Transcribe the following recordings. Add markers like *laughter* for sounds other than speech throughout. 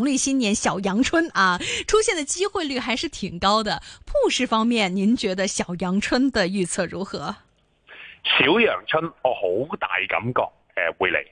農曆新年小陽春啊，出現的機會率還是挺高的。鋪市方面，您覺得小陽春的預測如何？小陽春我好大感覺誒、呃、會嚟，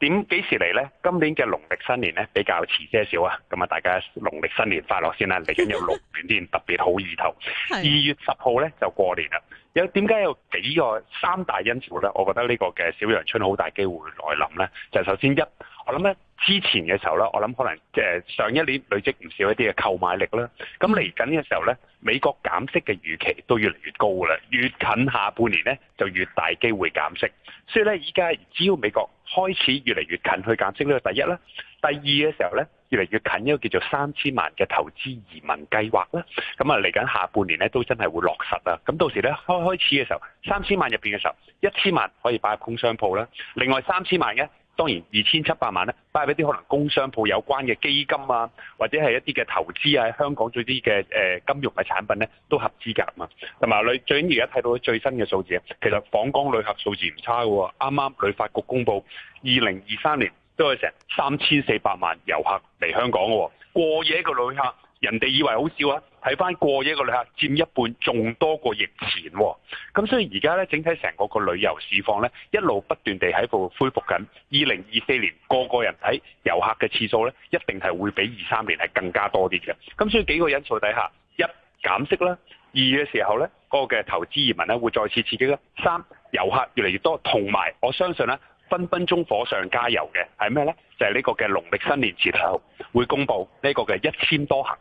點幾時嚟呢？今年嘅農曆新年呢，比較遲些少啊。咁啊，大家農曆新年快樂先啦！嚟緊有六段天特別好意頭，二 *laughs* 月十號呢，就過年啦。有點解有幾個三大因素咧？我覺得呢個嘅小陽春好大機會來臨呢，就是、首先一。我諗咧，之前嘅時候啦，我諗可能即係上一年累積唔少一啲嘅購買力啦。咁嚟緊嘅時候咧，美國減息嘅預期都越嚟越高噶啦。越近下半年咧，就越大機會減息。所以咧，依家只要美國開始越嚟越近去減息呢咧，呢個，第一啦。第二嘅時候咧，越嚟越近一個叫做三千萬嘅投資移民計劃啦。咁啊，嚟緊下半年咧都真係會落實啦。咁到時咧開開始嘅時候，三千萬入邊嘅時候，一千萬可以擺入工商鋪啦，另外三千萬嘅。當然，二千七百萬咧，包括啲可能工商鋪有關嘅基金啊，或者係一啲嘅投資啊，香港最啲嘅誒金融嘅產品咧，都合資格啊嘛。同埋你最緊要而家睇到最新嘅數字啊，其實訪港旅客數字唔差嘅、啊、喎，啱啱旅發局公布二零二三年都係成三千四百萬遊客嚟香港嘅、啊、喎，過夜嘅旅客，人哋以為好少啊！睇翻過夜個旅客佔一半，仲多過疫前，咁所以而家呢，整體成個個旅遊市況呢，一路不斷地喺度恢復緊。二零二四年個個人喺遊客嘅次數呢，一定係會比二三年係更加多啲嘅。咁所以幾個因素底下，一減息啦；二嘅時候呢，個嘅投資移民呢，會再次刺激啦；三遊客越嚟越多，同埋我相信呢，分分鐘火上加油嘅係咩呢？就係呢個嘅農曆新年前頭會公布呢個嘅一千多行。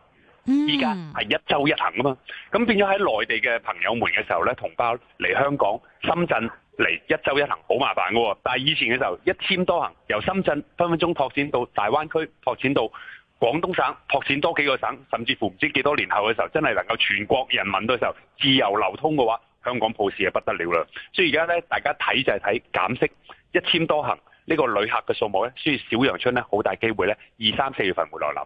依家係一周一行啊嘛，咁變咗喺內地嘅朋友們嘅時候咧，同胞嚟香港、深圳嚟一周一行好麻煩噶，但係以前嘅時候一簽多行，由深圳分分鐘拓展到大灣區，拓展到廣東省，拓展多幾個省，甚至乎唔知幾多年後嘅時候，真係能夠全國人民到時候自由流通嘅話，香港鋪市係不得了啦。所以而家咧，大家睇就係睇減息，一簽多行呢，這個旅客嘅數目咧，所以小陽春咧好大機會咧，二三四月份會來臨。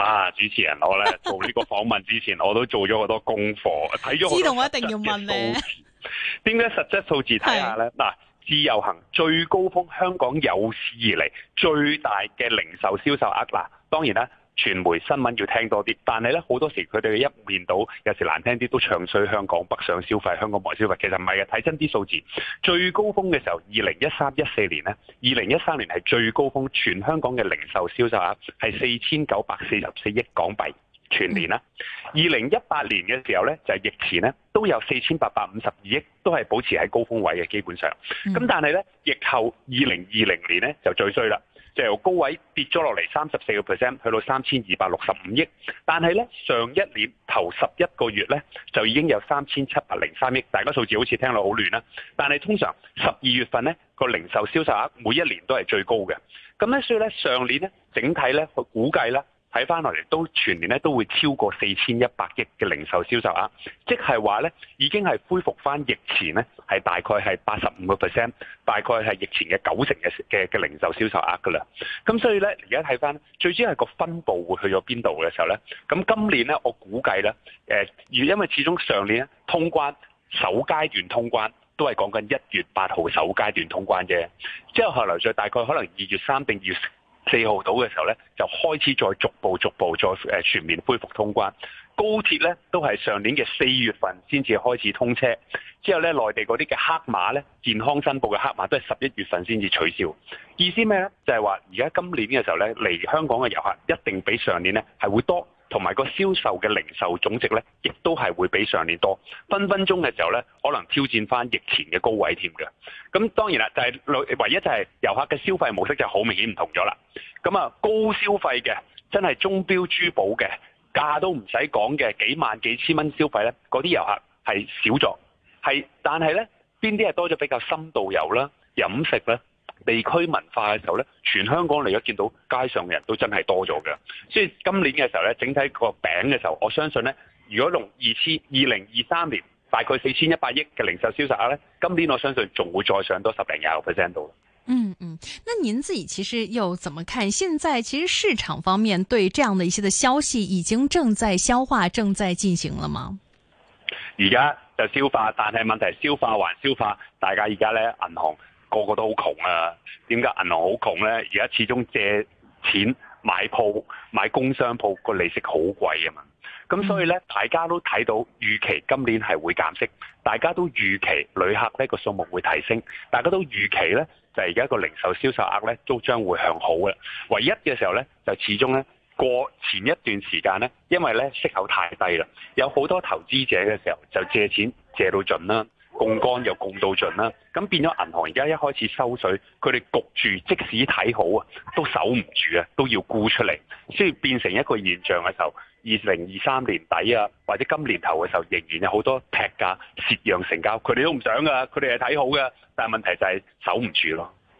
啊！主持人，我咧做呢個訪問之前， *laughs* 我都做咗好多功課，睇咗好多嘅數字。知道我一定要問你點解實質數字睇下咧？嗱，自由行最高峰，香港有史以嚟最大嘅零售銷售額啦。當然啦。傳媒新聞要聽多啲，但係咧好多時佢哋一面倒，有時難聽啲都唱衰香港北上消費、香港外消費，其實唔係嘅。睇真啲數字，最高峰嘅時候，二零一三一四年咧，二零一三年係最高峰，全香港嘅零售銷售額係四千九百四十四億港幣全年啦。二零一八年嘅時候咧，就係、是、疫前咧，都有四千八百五十二億，都係保持喺高峰位嘅基本上。咁但係咧，疫後二零二零年咧就最衰啦，就由高位跌咗落嚟三十四個 percent，去到三千二百六十五億，但係咧上一年頭十一個月咧就已經有三千七百零三億，大家數字好似聽落好亂啦，但係通常十二月份咧個零售銷售額每一年都係最高嘅，咁咧所以咧上年咧整體咧去估計咧。睇翻落嚟都全年咧都會超過四千一百億嘅零售銷售額，即係話咧已經係恢復翻疫前咧係大概係八十五個 percent，大概係疫前嘅九成嘅嘅嘅零售銷售額㗎啦。咁所以咧而家睇翻，最主要係個分佈會去咗邊度嘅時候咧。咁今年咧我估計咧，誒、呃，因為始終上年咧通關首階段通關都係講緊一月八號首階段通關啫，之後後來再大概可能二月三定二月四號島嘅時候咧，就開始再逐步逐步再誒全面恢復通關。高鐵咧都係上年嘅四月份先至開始通車，之後咧內地嗰啲嘅黑馬咧健康申報嘅黑馬都係十一月份先至取消。意思咩咧？就係話而家今年嘅時候咧，嚟香港嘅遊客一定比上年咧係會多。同埋個銷售嘅零售總值呢，亦都係會比上年多，分分鐘嘅時候呢，可能挑戰翻疫前嘅高位添嘅。咁當然啦，就係、係、唯一就係遊客嘅消費模式就好明顯唔同咗啦。咁啊，高消費嘅真係鐘錶珠寶嘅價都唔使講嘅，幾萬幾千蚊消費呢。嗰啲遊客係少咗係，但係呢邊啲係多咗比較深度遊啦、飲食啦。地區文化嘅時候呢，全香港嚟講見到街上嘅人都真係多咗㗎，所以今年嘅時候呢，整體個餅嘅時候，我相信呢，如果用二千二零二三年大概四千一百億嘅零售銷售額呢，今年我相信仲會再上多十零廿個 percent 度。嗯嗯，那您自己其實又怎麼看？現在其實市場方面對這樣的一些消息已經正在消化，正在進行啦嗎？而家就消化，但係問題係消化還消化，大家而家呢，銀行。個個都好窮啊！點解銀行好窮呢？而家始終借錢買鋪、買工商鋪個利息好貴啊嘛！咁所以呢，大家都睇到預期今年係會減息，大家都預期旅客呢個數目會提升，大家都預期呢就係而家個零售銷售額呢都將會向好嘅。唯一嘅時候呢，就始終呢過前一段時間呢，因為呢息口太低啦，有好多投資者嘅時候就借錢借到盡啦。槓桿又槓到盡啦，咁變咗銀行而家一開始收水，佢哋焗住，即使睇好啊，都守唔住啊，都要沽出嚟，所以變成一個現象嘅時候，二零二三年底啊，或者今年頭嘅時候，仍然有好多劈價、蝕讓成交，佢哋都唔想㗎，佢哋係睇好㗎。但係問題就係守唔住咯。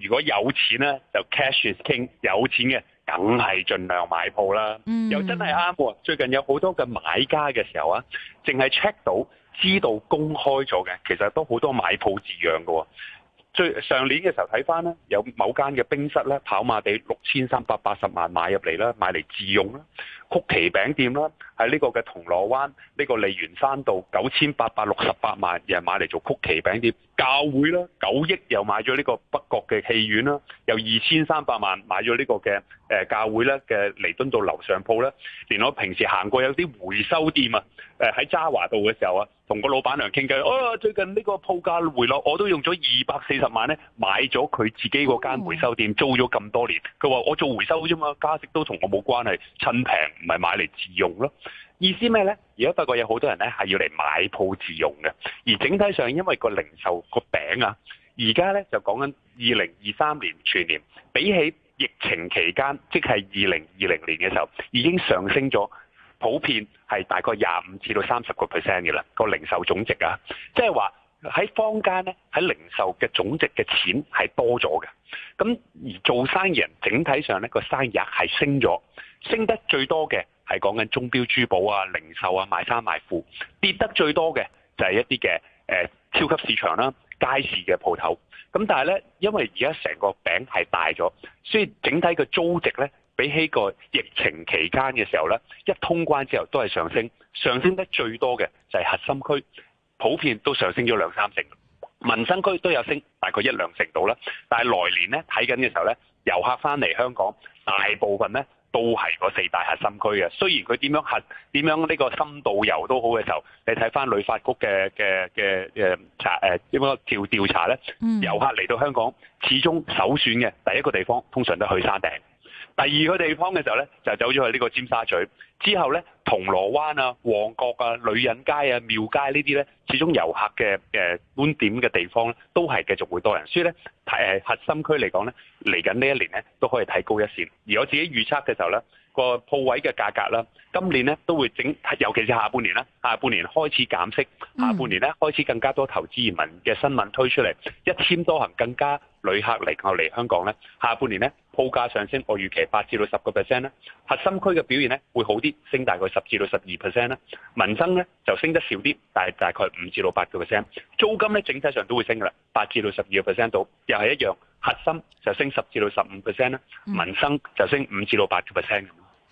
如果有錢咧，就 cash is king。有錢嘅，梗係盡量買鋪啦。Mm -hmm. 又真係啱喎。最近有好多嘅買家嘅時候啊，淨係 check 到知道公開咗嘅，其實都好多買鋪字樣㗎喎。最上年嘅時候睇返咧，有某間嘅冰室咧，跑馬地六千三百八十萬買入嚟啦，買嚟自用啦。曲奇餅店啦，喺呢個嘅銅鑼灣呢、呢個利園山道九千八百六十八萬，又買嚟做曲奇餅店。教會啦，九億又買咗呢個北角嘅戲院啦，由二千三百萬買咗呢個嘅誒教會咧嘅彌敦道樓上鋪咧。連我平時行過有啲回收店啊，誒喺渣華道嘅時候啊，同個老闆娘傾偈，哦、啊，最近呢個鋪價回落，我都用咗二百四十萬咧買咗佢自己嗰間回收店，mm -hmm. 租咗咁多年。佢話我做回收啫嘛，價值都同我冇關係，趁平。唔係買嚟自用咯，意思咩呢？而家不過有好多人呢係要嚟買鋪自用嘅，而整體上因為個零售個餅啊，而家呢就講緊二零二三年全年，比起疫情期間，即係二零二零年嘅時候，已經上升咗，普遍係大概廿五至到三十個 percent 嘅啦。個零售總值啊，即係話喺坊間呢，喺零售嘅總值嘅錢係多咗嘅。咁而做生意人整體上呢，個生意係升咗。升得最多嘅係講緊鐘錶、珠寶啊、零售啊、賣衫賣褲；跌得最多嘅就係一啲嘅誒超級市場啦、街市嘅鋪頭。咁但係呢，因為而家成個餅係大咗，所以整體嘅租值呢，比起個疫情期間嘅時候呢，一通關之後都係上升。上升得最多嘅就係核心區，普遍都上升咗兩三成。民生區都有升，大概一兩成度啦。但係來年呢，睇緊嘅時候呢，遊客翻嚟香港，大部分呢。都係嗰四大核心區嘅，雖然佢點樣核點樣呢個深度遊都好嘅時候，你睇翻旅發局嘅嘅嘅嘅調調查呢，遊客嚟到香港始終首選嘅第一個地方，通常都去山頂。第二個地方嘅時候呢，就走咗去呢個尖沙咀。之後呢，銅鑼灣啊、旺角啊、女人街啊、廟街呢啲呢，始終遊客嘅誒觀點嘅地方呢，都係繼續會多人。所以呢，誒核心區嚟講呢，嚟緊呢一年呢，都可以睇高一線。而我自己預測嘅時候呢，個鋪位嘅價格啦，今年呢都會整，尤其是下半年啦，下半年開始減息，下半年呢開始更加多投資移民嘅新聞推出嚟，一簽多行，更加旅客嚟我嚟香港呢，下半年呢。鋪價上升，我預期八至到十個 percent 咧。核心區嘅表現咧會好啲，升大概十至到十二 percent 啦。民生咧就升得少啲，但係大概五至到八個 percent。租金咧整體上都會升㗎喇，八至到十二個 percent 度，又係一樣。核心就升十至到十五 percent 啦，民生就升五至到八個 percent。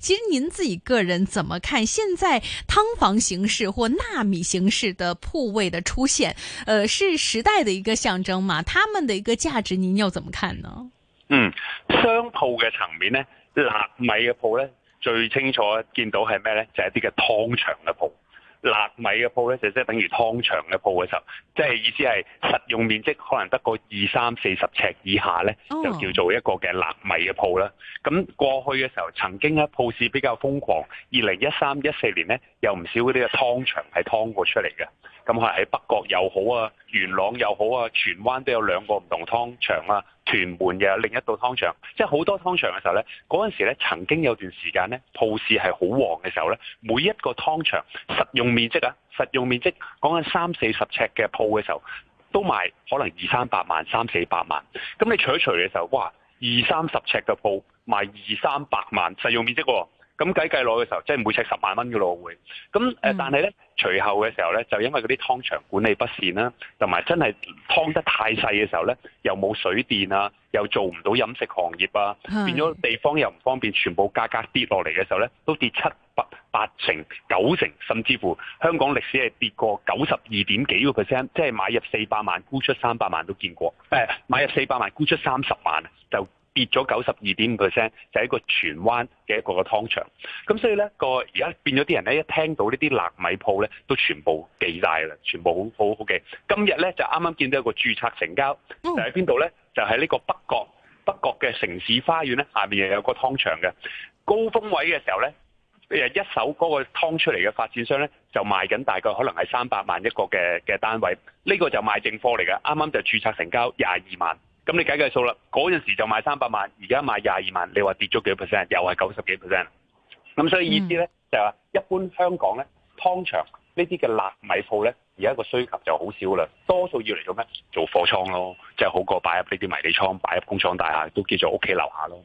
其實您自己個人怎麼看現在湯房形式或納米形式的鋪位的出現？呃，是時代的一個象徵嘛？他們的一個價值您又怎麼看呢？嗯，商鋪的層面呢，納米的鋪呢，最清楚見到係咩呢？就係啲嘅湯場嘅鋪。辣米嘅鋪咧，就即係等於唐樓嘅鋪嘅時候，即係意思係實用面積可能得個二三四十尺以下咧，就叫做一個嘅辣米嘅鋪啦。咁過去嘅時候，曾經咧鋪市比較瘋狂，二零一三一四年咧，有唔少嗰啲嘅唐樓係劏過出嚟嘅。咁可能喺北角又好啊，元朗又好啊，荃灣都有兩個唔同唐樓啊。屯門嘅另一道湯場，即係好多湯場嘅時候呢，嗰陣時曾經有段時間呢，鋪市係好旺嘅時候呢，每一個湯場實用面積啊，實用面積講緊三四十尺嘅鋪嘅時候，都賣可能二三百萬、三四百萬。咁你除一除嘅時候，哇，二三十尺嘅鋪賣二三百萬，實用面積喎。咁計計落嘅時候，即係每尺十萬蚊嘅咯會。咁、呃、但係咧，隨後嘅時候咧，就因為嗰啲湯場管理不善啦、啊，同埋真係湯得太細嘅時候咧，又冇水電啊，又做唔到飲食行業啊，變咗地方又唔方便，全部價格跌落嚟嘅時候咧，都跌七百八成、九成，甚至乎香港歷史係跌過九十二點幾個 percent，即係買入四百萬沽出三百萬都見過。誒、呃，買入四百萬沽出三十萬啊，就。跌咗九十二點五 percent，就係、是、一個荃灣嘅一個個劏場，咁所以呢個而家變咗啲人呢，一聽到呢啲辣米鋪呢，都全部記晒啦，全部好好好嘅。今日呢，就啱啱見到一個註冊成交，就喺邊度呢？就喺、是、呢個北角，北角嘅城市花園呢。下面又有個劏場嘅高峰位嘅時候呢，一手嗰個劏出嚟嘅發展商呢，就賣緊大概可能係三百萬一個嘅嘅單位，呢、這個就賣正貨嚟嘅，啱啱就註冊成交廿二萬。咁你計計數啦，嗰陣時就賣三百萬，而家賣廿二萬，你話跌咗幾多 percent？又係九十幾 percent。咁所以意思咧、嗯，就係、是、話一般香港咧，湯場呢啲嘅納米鋪咧，而家個需求就好少啦，多數要嚟做咩？做貨倉咯，即、就、係、是、好過擺入呢啲迷你倉，擺入工廠大廈，都叫做屋企樓下咯。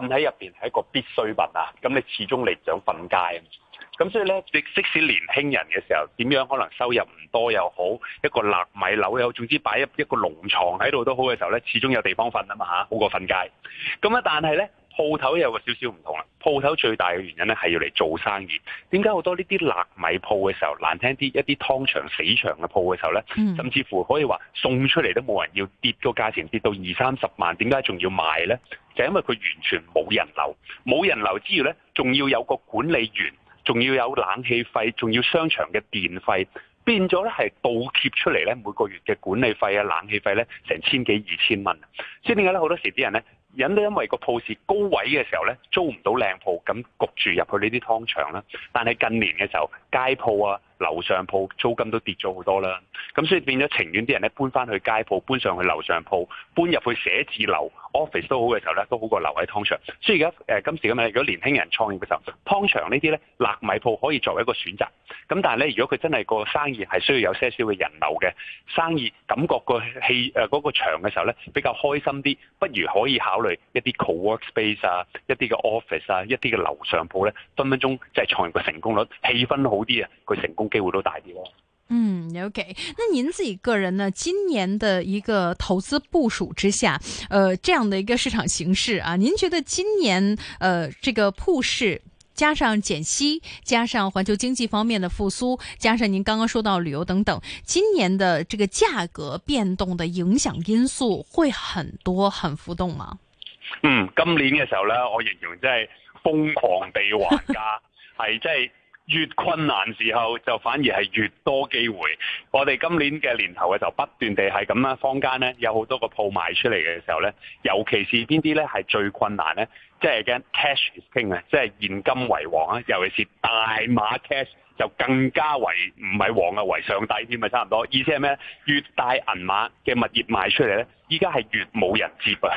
瞓喺入邊係一個必需品啊！咁你始終唔想瞓街，啊。咁所以咧，你即使年輕人嘅時候點樣，可能收入唔多又好，一個納米樓又好，總之擺一一個籠牀喺度都好嘅時候咧，始終有地方瞓啊嘛嚇，好過瞓街。咁啊，但係咧。鋪頭有個少少唔同啦，鋪頭最大嘅原因咧係要嚟做生意。點解好多呢啲爛米鋪嘅時候，難聽啲一啲湯場死場嘅鋪嘅時候咧，嗯，甚至乎可以話送出嚟都冇人要跌，跌個價錢跌到二三十萬，點解仲要買咧？就係，因為佢完全冇人流，冇人流之餘咧，仲要有個管理員，仲要有冷氣費，仲要商場嘅電費，變咗咧係倒貼出嚟咧每個月嘅管理費啊、冷氣費咧成千幾二千蚊。所以點解咧好多時啲人咧？人都因為個鋪市高位嘅時候咧，租唔到靚鋪，咁焗住入去呢啲劏場啦。但係近年嘅時候，街鋪啊，樓上鋪租金都跌咗好多啦，咁所以變咗情願啲人咧搬翻去街鋪，搬上去樓上鋪，搬入去寫字樓、office 都好嘅時候咧，都好過留喺湯場。所以而家、呃、今時今日，如果年輕人創業嘅時候，湯場呢啲咧納米鋪可以作為一個選擇。咁但係咧，如果佢真係個生意係需要有些少嘅人流嘅生意，感覺個氣誒嗰、呃嗰個場嘅時候咧，比較開心啲，不如可以考慮一啲 co-work space 啊，一啲嘅 office 啊，一啲嘅樓上鋪咧，分分鐘即係創業嘅成功率，氣氛好。啲啊，佢成功機會都大啲咯。嗯，OK。那您自己個人呢？今年的一個投資部署之下，呃，這樣的一個市場形勢啊，您覺得今年呃，這個鋪市加上減息，加上環球經濟方面的復甦，加上您剛剛說到旅遊等等，今年的這個價格變動的影響因素會很多，很浮動嗎？嗯，今年嘅時候呢，我形容真係瘋狂地還價，係真係。越困難時候就反而係越多機會。我哋今年嘅年頭嘅就不斷地係咁樣，坊間咧有好多個鋪賣出嚟嘅時候咧，尤其是邊啲咧係最困難咧，即係嘅 cash is king 啊，即係現金為王啊，尤其是大碼 cash 就更加為唔係王啊，為上帝添咪差唔多。意思係咩咧？越大銀碼嘅物業賣出嚟咧？依家係越冇人接啊，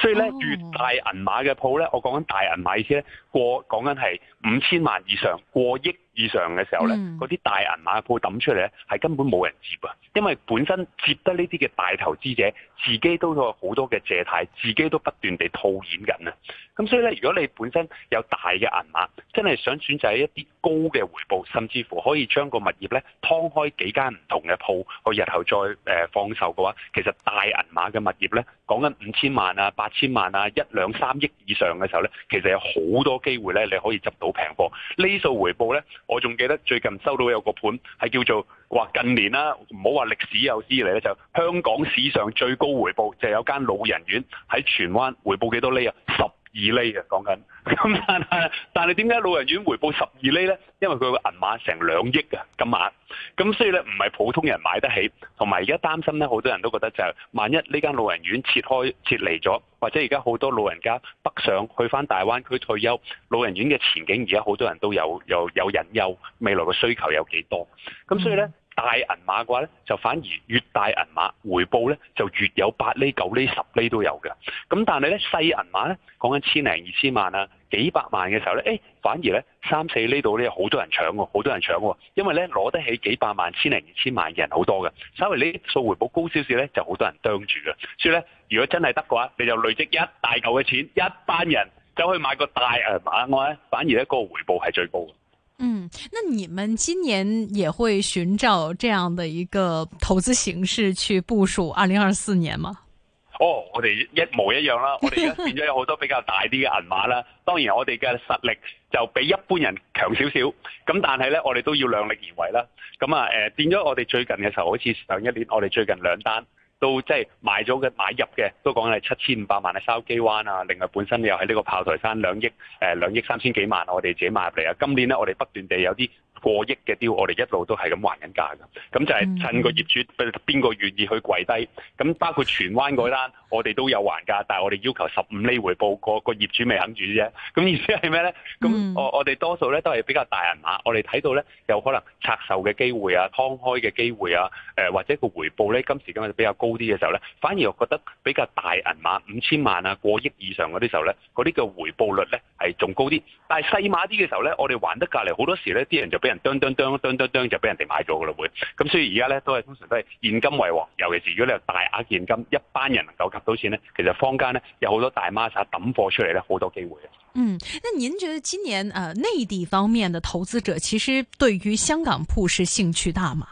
所以咧，越大銀碼嘅鋪咧，我講緊大銀碼意思咧，過講緊係五千萬以上，過億以上嘅時候咧，嗰、嗯、啲大銀碼嘅鋪抌出嚟咧係根本冇人接啊，因為本身接得呢啲嘅大投資者，自己都有好多嘅借貸，自己都不斷地套現緊啊，咁所以咧，如果你本身有大嘅銀碼，真係想選擇一啲高嘅回報，甚至乎可以將個物業咧劏開幾間唔同嘅鋪，去日後再誒、呃、放售嘅話，其實大銀碼。嘅物業咧，講緊五千萬啊、八千萬啊、一兩三億以上嘅時候咧，其實有好多機會咧，你可以執到平貨。呢數回報咧，我仲記得最近收到有個盤係叫做話近年啦、啊，唔好話歷史有史以嚟咧，就係、香港史上最高回報就係、有間老人院喺荃灣回報幾多厘啊十。二厘嘅講緊，咁 *laughs* 但係，但係點解老人院回報十二厘呢？因為佢個銀碼成兩億啊，金額，咁所以呢，唔係普通人買得起，同埋而家擔心呢，好多人都覺得就係萬一呢間老人院撤開撤離咗，或者而家好多老人家北上去翻大灣區退休，老人院嘅前景而家好多人都有有有隱憂，未來嘅需求有幾多？咁所以呢。嗯大銀碼嘅話咧，就反而越大銀碼，回報咧就越有八厘、九厘、十厘都有嘅。咁但係咧細銀碼咧，講緊千零二千萬啊、幾百萬嘅時候咧，哎，反而咧三四厘度咧好多人搶喎，好多人搶喎，因為咧攞得起幾百萬、千零二千萬嘅人好多嘅。稍微呢啲數回報高少少咧，就好多人盯住嘅。所以咧，如果真係得嘅話，你就累積一大嚿嘅錢，一班人走去買個大銀碼，我咧反而咧個回報係最高。嗯，那你們今年也會尋找這樣的一個投資形式去部署二零二四年嗎？哦，我哋一模一樣啦，我哋變咗有好多比較大啲嘅銀碼啦。 *laughs* 當然我哋嘅實力就比一般人強少少，咁但係呢，我哋都要量力而為啦。咁啊，誒，變咗我哋最近嘅時候，好似上一年我哋最近兩單。都即係買咗嘅買入嘅，都講係七千五百萬啊，筲箕灣啊，另外本身又喺呢個炮台山兩億誒呃、兩億三千幾萬啊，我哋自己買入嚟啊，今年咧我哋不斷地有啲過億嘅 deal，我哋一路都係咁還緊價㗎，咁就係趁個業主邊個、嗯、願意去跪低，咁包括荃灣嗰單。 *laughs* 我哋都有還價，但係我哋要求十五厘回報，個個業主未肯住啫。咁意思係咩咧？咁、mm. 嗯、我我哋多數咧都係比較大銀碼。我哋睇到咧有可能拆售嘅機會啊，劏開嘅機會啊，誒、呃、或者個回報咧今時今日比較高啲嘅時候咧，反而我覺得比較大銀碼五千萬啊，過億以上嗰啲時候咧，嗰啲嘅回報率咧係仲高啲。但係細碼啲嘅時候咧，我哋還得隔離好多時咧，啲人就俾人釘釘釘釘釘釘就俾人哋買咗㗎啦會。咁所以而家咧都係通常都係現金為王，尤其是如果你有大額現金，一班人能夠。到錢呢，其實坊間呢有好多大媽散抌貨出嚟咧，好多機會嘅。嗯，那您覺得今年誒、呃、內地方面嘅投資者，其實對於香港鋪是興趣大嗎？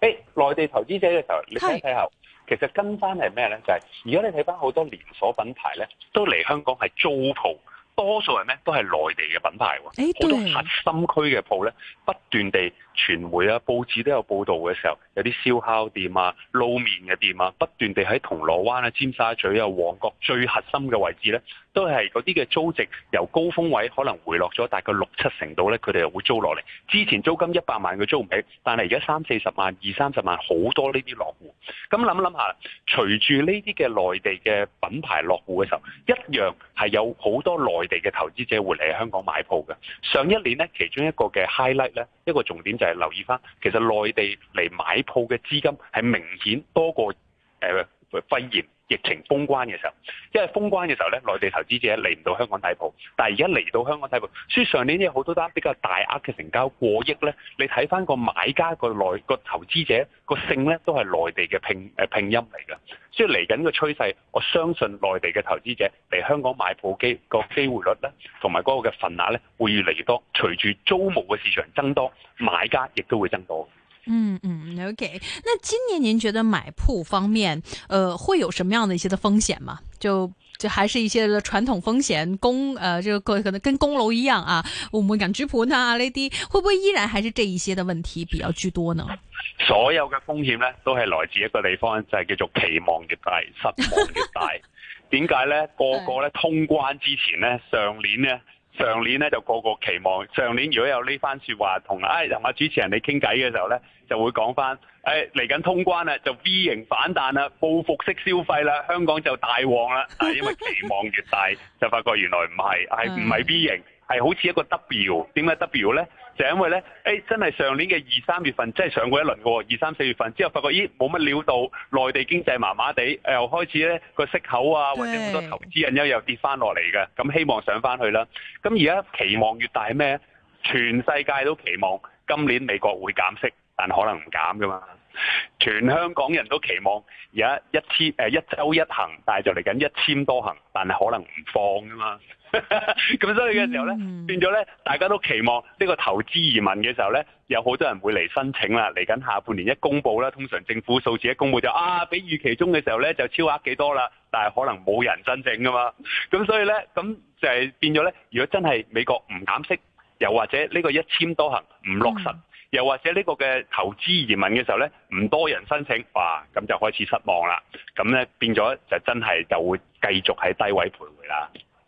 誒、欸，內地投資者嘅時候，你睇睇下，其實跟翻係咩呢？就係、是、如果你睇翻好多連鎖品牌咧，都嚟香港係租鋪。多數係咩？都係內地嘅品牌喎，好多核心區嘅鋪咧，不斷地傳媒啊、報紙都有報道嘅時候，有啲燒烤店啊、滷麵嘅店啊，不斷地喺銅鑼灣啊、尖沙咀啊、旺角最核心嘅位置咧。都係嗰啲嘅租值由高峰位可能回落咗大概六七成度呢，佢哋又會租落嚟。之前租金一百萬佢租唔起；但係而家三四十萬、二三十萬，好多呢啲落戶。咁諗諗下，隨住呢啲嘅內地嘅品牌落戶嘅時候，一樣係有好多內地嘅投資者會嚟香港買鋪嘅。上一年呢，其中一個嘅 highlight 呢，一個重點就係留意返，其實內地嚟買鋪嘅資金係明顯多過誒肺炎。呃疫情封關嘅時候，因為封關嘅時候咧，內地投資者嚟唔到香港睇鋪。但係而家嚟到香港睇鋪，所以上年有好多單比較大額嘅成交過億咧。你睇翻個買家個內個投資者個姓咧，都係內地嘅拼誒、呃、拼音嚟嘅。所以嚟緊個趨勢，我相信內地嘅投資者嚟香港買鋪機個機會率咧，同埋嗰個嘅份額咧，會越嚟越多。隨住租務嘅市場增多，買家亦都會增多。嗯嗯，OK，那今年您覺得買鋪方面，呃，會有什麼樣的一些的風險嗎？就就還是一些傳統風險供，呃，這個可能跟供樓一樣啊，我們講直盤啊，呢啲會不會依然還是這一些的問題比較居多呢？所有嘅風險呢都係來自一個地方，就係、是、叫做期望越大失望越大。點 *laughs* 解呢？個個呢，通關之前呢，上年呢。上年咧就個個期望，上年如果有呢番說話，同哎同啊主持人你傾偈嘅時候咧，就會講翻誒，嚟緊通關啦，就 V 型反彈啦，報復式消費啦，香港就大旺啦。因為期望越大， *laughs* 就發覺原來唔係，係唔係 V 型，係好似一個 W, w。點解 W 咧？就是、因為咧，誒、哎、真係上年嘅二三月份即係上過一輪嘅喎，二三四月份之後發覺咦冇乜料到，內地經濟麻麻地，又開始咧個息口啊或者好多投資引因又，又跌翻落嚟嘅，咁希望上翻去啦。咁而家期望越大係咩？全世界都期望今年美國會減息，但可能唔減㗎嘛。全香港人都期望而家一簽誒、呃、一周一行，但係就嚟緊一簽多行，但係可能唔放噶嘛。咁 *laughs* 所以嘅時候咧，mm -hmm. 變咗咧，大家都期望呢個投資移民嘅時候咧，有好多人會嚟申請啦。嚟緊下，下半年一公布啦，通常政府數字一公布就啊，比預期中嘅時候咧就超額幾多啦。但係可能冇人申請噶嘛。咁所以咧，咁就係變咗咧。如果真係美國唔減息，又或者呢個一簽多行唔落實。Mm -hmm. 又或者呢個嘅投資移民嘅時候呢，唔多人申請，哇，咁就開始失望啦。咁呢變咗就真係就會繼續喺低位徘徊啦。